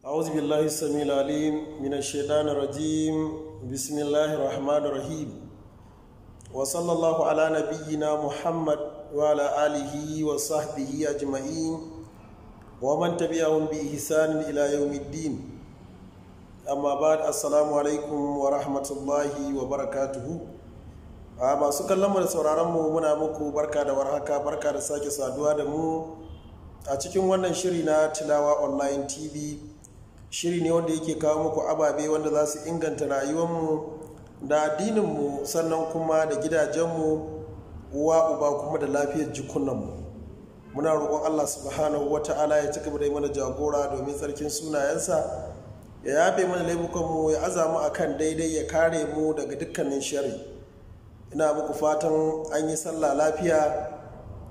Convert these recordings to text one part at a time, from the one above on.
أعوذ بالله السميع العليم من الشيطان الرجيم بسم الله الرحمن الرحيم وصلى الله على نبينا محمد وعلى آله وصحبه أجمعين ومن تبعهم بإحسان إلى يوم الدين أما بعد السلام عليكم ورحمة الله وبركاته masu kallonmu da sauraronmu muna muku barka da warhaka barka da sake saduwa da mu a cikin wannan shiri na tilawa online tv shiri ne wanda yake kawo muku ababe wanda za su inganta rayuwanmu da addininmu sannan kuma da gidajenmu uwa uba kuma da lafiyar jikunanmu muna roƙon allah subhanahu wa ta'ala ya cika da mana jagora domin tsarkin sunayensa ya yafe mana laifukanmu ya aza a kan daidai ya kare mu daga dukkanin shari ina muku fatan an yi sallah lafiya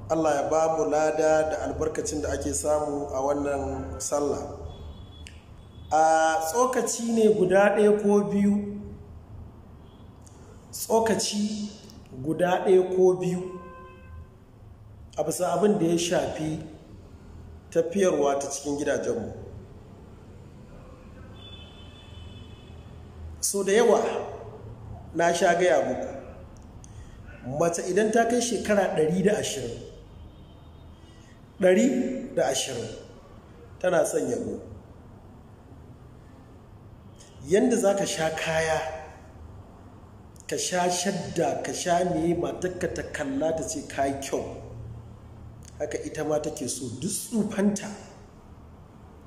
allah ya ba mu lada da albarkacin da ake samu a wannan sallah a tsokaci ne guda ɗaya ko biyu tsokaci guda ɗaya ko biyu a bisa abin da ya shafi tafiyarwa ta cikin gidajenmu so da yawa na sha gaya muku mace idan ta kai shekara 120 ashirin tana son yabo yanda za ka sha kaya ka sha shadda ka sha ne matakka ta kalla ta ce ka yi kyau haka ita ma take so duk tsufanta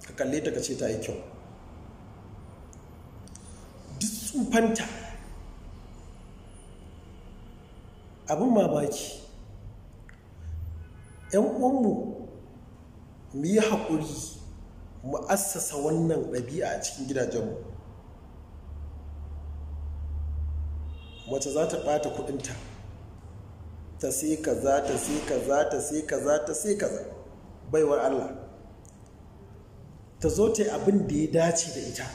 ka kalle ta ka ce ta yi kyau duk tsufanta abin mamaki ‘yan uwanmu mu yi haƙuri mu assasa wannan ɗabi'a a cikin gidajenmu wacce za ta ɓata kuɗinta ta sai kaza ta sai kaza ta sai kaza ta sai kaza baiwar Allah ta zo ta yi abin da ya dace da ita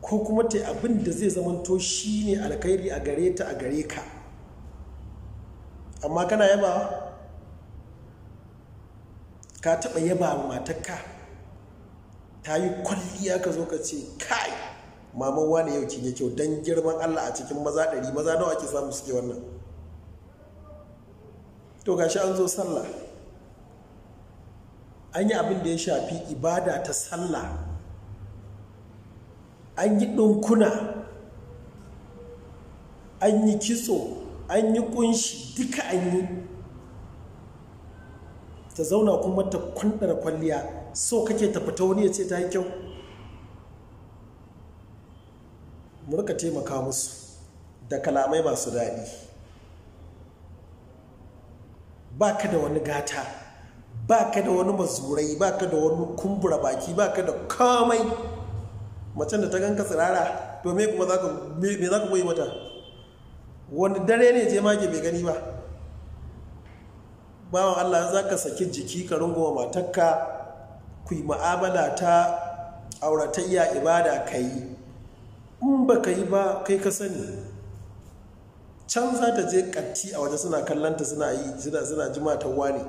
ko kuma ta yi abin da zai zamanto shi ne alkhairi a gare ta a gare ka amma kana yaba ka taɓa yaba matakka ta yi kwalliya ka zo ka ce kai maman wane yau kin kyau dan girman Allah a cikin maza ɗari maza nawa ake samu suke wannan to gashi an zo sallah an yi abin da ya shafi ibada ta sallah an yi ɗunkuna an yi kitso an yi kunshi duka an yi ta zauna kuma ta kwandara kwalliya so kake ta fita wani ya ce ta yi kyau murka taimaka musu da kalamai masu daɗi ba ka da wani gata ba ka da wani mazurai ba ka da wani kumbura baki ba ka da kamai macen da ta ganka tsirara to me kuma me za ka goyi mata wani dare ne je mage bai gani ba bawan allah za ka saki jiki ka wa matakka ku yi ma'amala ta auratayya ibada ka yi in ba ka yi ba kai ka sani can za ta je katti a waje suna kallanta suna yi suna jima ta wane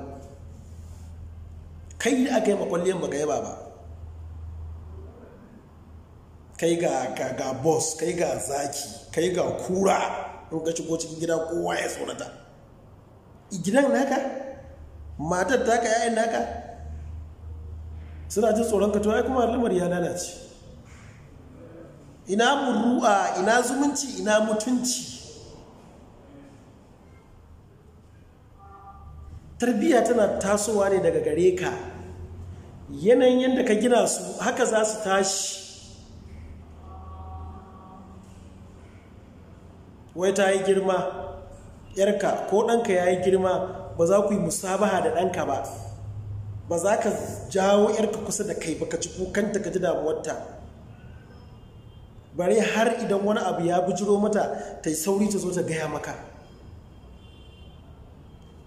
kai da aka yi makwalliyan baka yaba ba kai ga ga boss kai ga zaki kai ga kura in ka shigo cikin gida kowa ya tsorata gidan naka matar ka yayin naka suna jin tsoron ka to ai kuma al'amari ya lalace ina murru'a ina zumunci ina mutunci tarbiyya tana tasowa ne daga gare ka yanayin yadda ka gina su haka za su tashi wai ta yi girma yarka ko ɗanka ya yi girma ba za ku yi musabaha da ɗanka ba ba za ka jawo yarka kusa da kai ba ka ci kukanta ka ji damuwarta bare har idan wani abu ya bijiro mata ta sauri ta zo ta gaya maka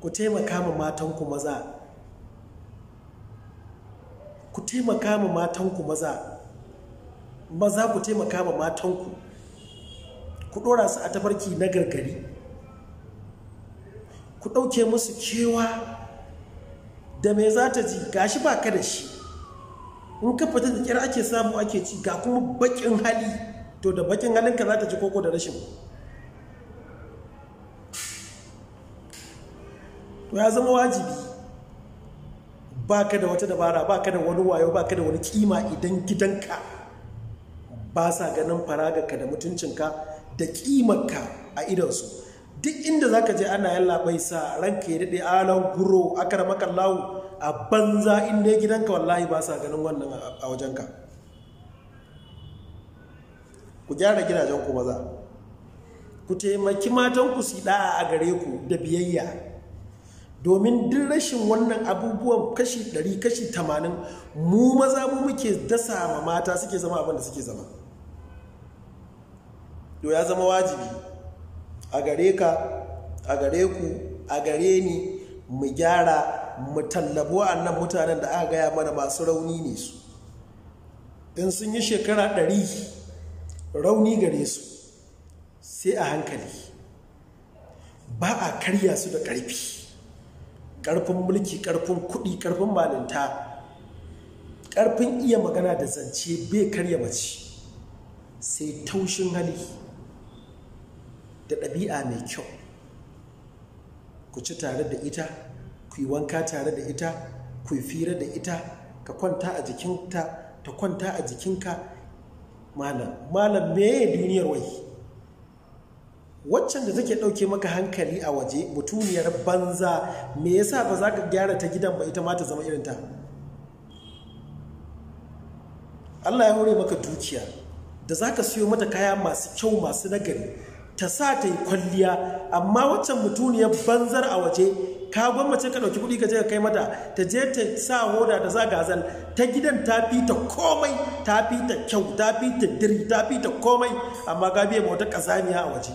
ku taimaka ma matanku maza ku taimaka ma matanku maza maza ku taimaka ma matanku ku ɗora su a tafarki na gargari ku ɗauke musu cewa da me za ta ji gashi ba ka da shi in ka fita da ƙyar ake samu ake ci ga kuma baƙin hali to da bakin halinka za ta ci koko da rashin to ya zama wajibi ba ka da wata dabara ba ka da wani wayo ba ka da wani kima idan gidanka ba sa ganin faragarka da mutuncinka da kimarka a idansu duk inda za ka je ana yalla labai sa ranka ya daɗe alan guro akar makallahu a banza inda gidanka wallahi ba sa ganin wannan a wajenka ku gyara gidajen ku maza ku taimaki matan ku su ɗa a gare ku da biyayya domin duk rashin wannan abubuwan kashi 100 kashi 80 mu maza mu muke dasa ma mata suke zama abin da suke zama to ya zama wajibi a gare ka a gare ku a gare ni mu gyara mu a nan mutanen da aka gaya mana masu rauni ne su in sun yi shekara ɗari rauni gare su sai a hankali ba a karya su da ƙarfi ƙarfin mulki ƙarfin kuɗi ƙarfin malinta ƙarfin iya magana da zance bai karya mace sai taushin hali da ɗabi'a mai kyau ku ci tare da ita ku yi wanka tare da ita ku yi fira da ita ka ta kwanta a jikinka malam malam meye duniyar wai waccan da take ɗauke maka hankali a waje mutuniyar banza me yasa ba za ka gyara ta gidan ba ita ma ta zama irin ta Allah ya hore maka dukiya da za ka siyo mata kaya masu kyau masu nagari ta sa ta yi kwalliya amma waccan mutuniyar banzar a waje ka gwammace ka dauki kuɗi ka je ka kai mata ta je ta sa hoda ta sa gazal ta gidan ta fi ta komai ta fi ta kyau ta fi ta diri ta fi ta komai amma ga biya wata kasaniya a waje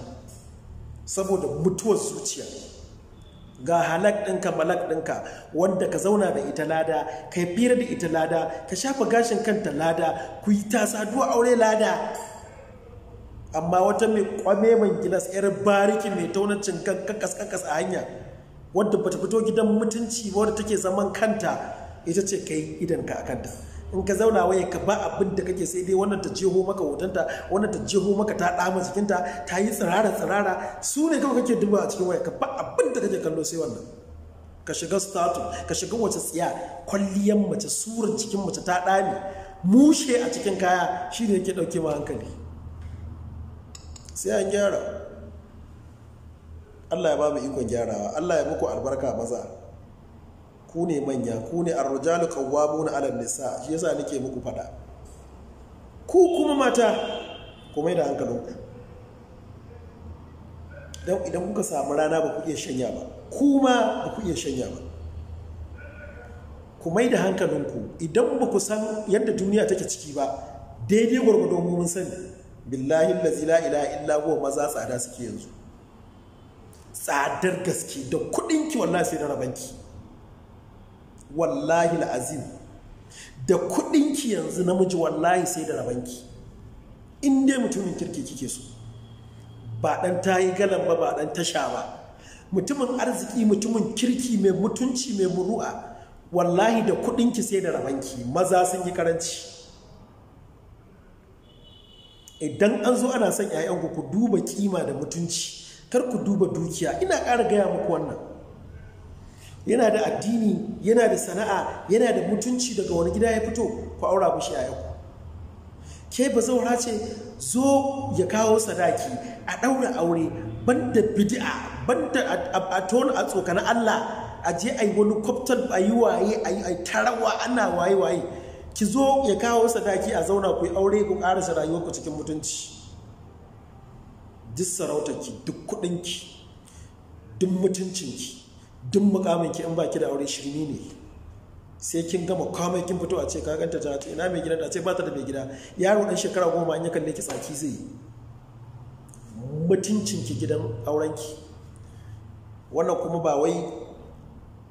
saboda mutuwar zuciya ga halak ɗinka malak ɗinka wanda ka zauna da ita lada ka yi fira da ita lada ka shafa gashin kanta lada ku yi ta saduwa aure lada amma wata mai kwame mai gilas 'yar barikin mai taunacin kan kakas kakas a hanya wadda bata fito gidan mutunci wadda take zaman kanta ita ce kai idanka a kanta in ka zauna waye ka ba abin da kake sai dai wannan ta jeho maka hotonta wannan ta jeho maka ta dama jikinta ta yi tsirara tsirara su ne kawai kake duba a cikin waya ka ba abin da kake kallo sai wannan ka shiga statu ka shiga wace tsiya kwalliyan mace surar cikin mace ta dame mushe a cikin kaya shine yake dauke ma hankali sai an gyara Allah ya ba mu ikon gyarawa Allah ya muku albarka maza ku ne manya ku ne arrujalu qawwamuna 'ala nisa shi yasa nake muku fada ku kuma mata ku mai da hankalinku dan idan kuka samu rana ba ku iya shanya ba kuma ba ku iya shanya ba ku mai da hankalinku idan ba ku san yadda duniya take ciki ba daidai gwargwadon mun sani billahi allazi la ilaha illa huwa maza tsada suke yanzu tsadar gaske da kudinki wallahi sai na rabanki wallahi la'azim da kudinki yanzu namiji wallahi sai da rabanki in dai mutumin kirki kike so ba dan yi galan ba ba dan tasha ba mutumin arziki mutumin kirki mai mutunci mai muru'a wallahi da kudinki sai da rabanki maza sun yi karanci idan an zo ana son 'ya'yanku ku duba kima da mutunci kar ku duba dukiya ina ƙara gaya muku wannan yana da addini yana da sana'a yana da mutunci daga wani gida ya fito ku aura mushi a yau ke ba zaura ce zo ya kawo sadaki a ɗaura aure banda bid'a banda a tona a tsokanin Allah a je a yi wani kwaftar a yi waye a yi tarawa ana waye waye ki zo ya kawo sadaki a zauna ku yi aure ku ƙarasa ku cikin mutunci duk sarautarki duk kudinki duk mutuncinki duk mukaminki in baki da aure shirme ne sai kin gama kwamai kin fito a ce ka ganta ta ce ina mai gida da ce ba ta da mai gida yaro dan shekara goma an yi kalle ki tsaki zai yi mutuncinki gidan aurenki wannan kuma ba wai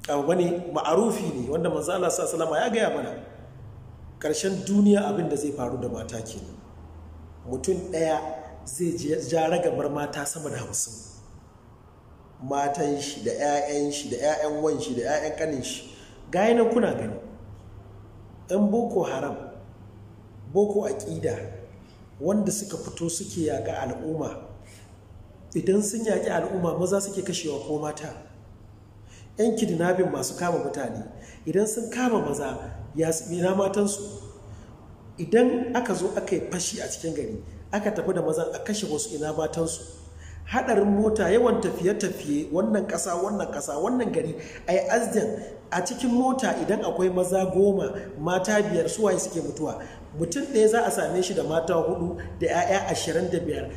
abu bane ma'arufi ne wanda manzo Allah salama ya gaya mana karshen duniya abin da zai faru da mata kenan mutum ɗaya zai ja ragamar mata sama da hamsin matan shi da 'ya'yan shi da 'ya'yan wan shi da 'ya'yan kanin shi gaya nan kuna gani yan boko haram boko aƙida wanda suka fito suke yaƙa al'umma idan sun yaƙi al'umma maza suke kashewa ko mata yan kidnapping masu kama mutane idan sun kama maza ya matansu idan aka zo aka yi fashi a cikin gari aka tafi da mazan a kashe wasu ina batansu hadarin mota yawan tafiye-tafiye wannan kasa wannan ƙasa wannan gari a yi azdin a cikin mota idan akwai maza goma mata biyar suwaye suke mutuwa mutum ɗaya za a same shi da mata hudu da 'ya'ya ashirin da biyar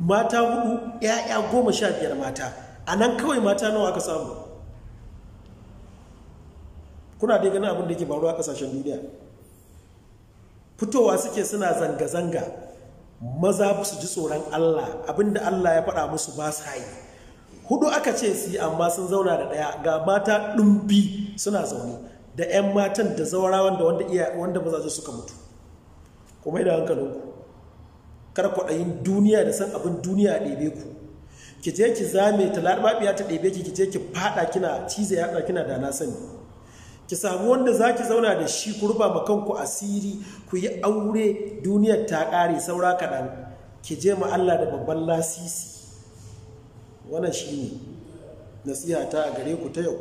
mata hudu 'ya'ya goma sha biyar mata a nan kawai mata nawa aka samu kuna dai ganin abin da ke faruwa a ƙasashen duniya fitowa suke suna zanga-zanga maza ba su ji tsoron Allah abinda Allah ya faɗa musu ba su hayi hudu aka ce su yi amma sun zauna da ɗaya ga mata ɗumbi suna zaune da 'yan matan da zawara wanda wanda iya wanda su suka mutu kuma da ku kar kwaɗayin duniya da san abin duniya a ɗebe ku ki je ki zame ta larbabiya ta ɗebe ki ki je ki faɗa kina cize yaɗa kina da na sani ki samu wanda za ki zauna da shi ku ruba ma kanku asiri ku yi aure duniyar ta ƙare saura kaɗan ki je ma Allah da babban lasisi wannan shi ne nasiha a gare ku ta yau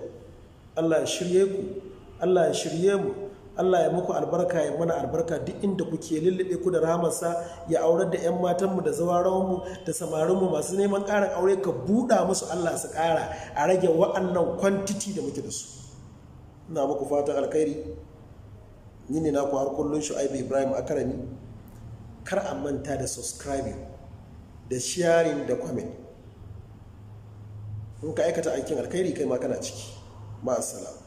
Allah ya shirye ku Allah ya shirye mu Allah ya muku albarka ya mana albarka duk inda kuke lullube ku da rahamarsa ya aurar da 'yan matanmu da mu da samarin mu masu neman ƙarin aure ka buɗa musu Allah su ƙara a rage wa'annan kwantiti da muke da su. ina muku fatan alkhairi ni ne naku har kullun shu'aibu ibrahim akarami kar a manta da subscribing da sharing da comment in ka aikata aikin alkhairi kai ma kana ciki ma'assalam